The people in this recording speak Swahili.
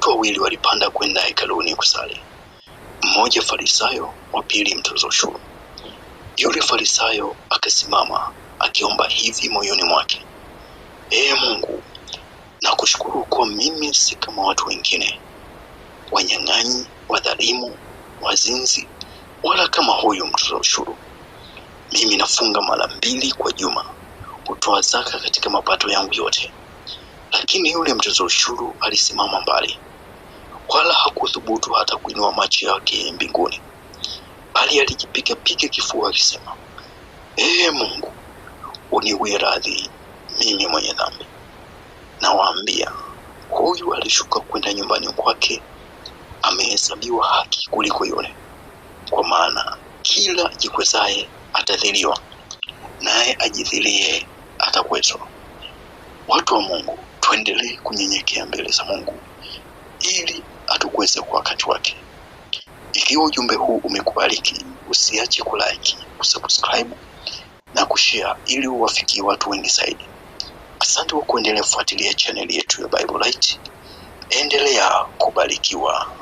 Watu wawili walipanda kwenda hekaluni kusali, mmoja farisayo, wa pili mtoza ushuru. Yule farisayo akasimama akiomba hivi moyoni mwake, Ee Mungu, nakushukuru kuwa mimi si kama watu wengine, wanyang'anyi, wadhalimu, wazinzi, wala kama huyu mtoza ushuru. Mimi nafunga mara mbili kwa juma, hutoa zaka katika mapato yangu yote. Lakini yule mtoza ushuru alisimama mbali kuthubutu hata kuinua macho yake mbinguni, bali alijipigapiga kifua akisema, Ee Mungu, uniwie radhi mimi mwenye dhambi. Nawaambia, huyu alishuka kwenda nyumbani kwake amehesabiwa haki kuliko yule, kwa maana kila jikwezaye atadhiliwa, naye ajidhilie atakwezwa. Watu wa Mungu, tuendelee kunyenyekea mbele za Mungu ili uweze kwa wakati wake. Ikiwa ujumbe huu umekubariki, usiache kulike, kusubscribe na kushare ili uwafikie watu wengi zaidi. Asante kwa kuendelea kufuatilia chaneli yetu ya Bible Light. Endelea kubarikiwa.